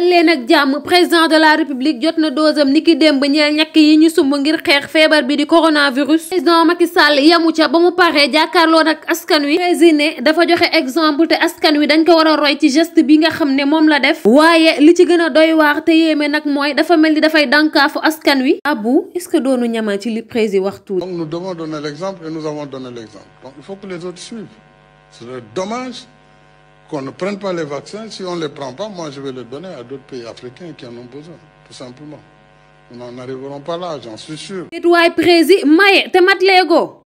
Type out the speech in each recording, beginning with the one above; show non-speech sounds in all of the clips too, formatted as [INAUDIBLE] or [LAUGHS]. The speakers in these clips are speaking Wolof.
leen ak jàmm président de la république jot na dosam niki démb ñeel ñàkk yi ñu sumb ngir xeex feebar bi di coronavirus. président Macky Sall yamu ca ba mu paree jàkkaarloo nag askan wi. président dafa joxe exemple te askan wi dañ ko war a roy ci gest bi nga xam ne moom la def. waaye li ci gën a doy waar te yéeme nag mooy dafa mel ni dafay dànkaafu askan wi. abu est-ce que doonu ñama ci li waxtu wax tuuti. donc nous devons donner l'exemple les autres c'est dommage. qu'on ne prenne pas les vaccins. Si on ne les prend pas, moi, je vais les donner à d'autres pays africains qui en ont besoin, tout simplement. Nous n'en arriverons pas là, j'en suis sûr.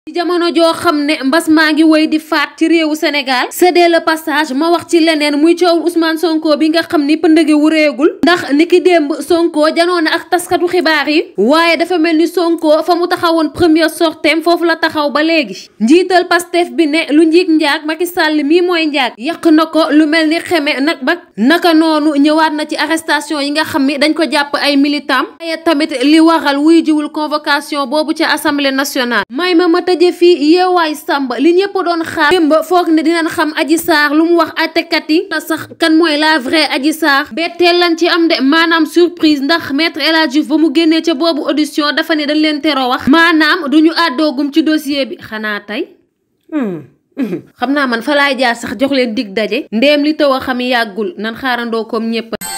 ci jamono joo xam ne mbas maa ngi woy di faat ci réewu Sénégal c'est le passage ma wax ci leneen muy coowul Ousmane Sonko bi nga xam ni pëndëge wu réegul ndax ni ki démb Sonko janoo na ak taskatu xibaar yi waaye dafa mel ni Sonko fa mu taxawoon première sorteem foofu la taxaw ba léegi njiital Pastef bi ne lu njiig njaag Macky sàll mii mooy njaag yàq na ko lu mel ni xeme nag bak naka noonu ñëwaat na ci arrestation yi nga xam ni dañ ko jàpp ay militam waaye tamit li waral wuy jiwul convocation boobu ca Assemblée nationale tëjee fii yeewaay Samba li ñëpp doon xaar démb foog ne di dinañ xam aji Sarr lu mu wax àttekat yi la sax kan mooy la vraie Adji Sarr betteel lañ ci am de maanaam surprise ndax maître El ba mu génnee ca boobu audition dafa ne dañ leen teroo wax maanaam du ñu àddoogum ci dossier bi xanaa tey hmm. [LAUGHS] xam naa man fa laay jaar sax jox leen digg daje ndéem li taw a xam yàggul nan xaarandoo koom ñëpp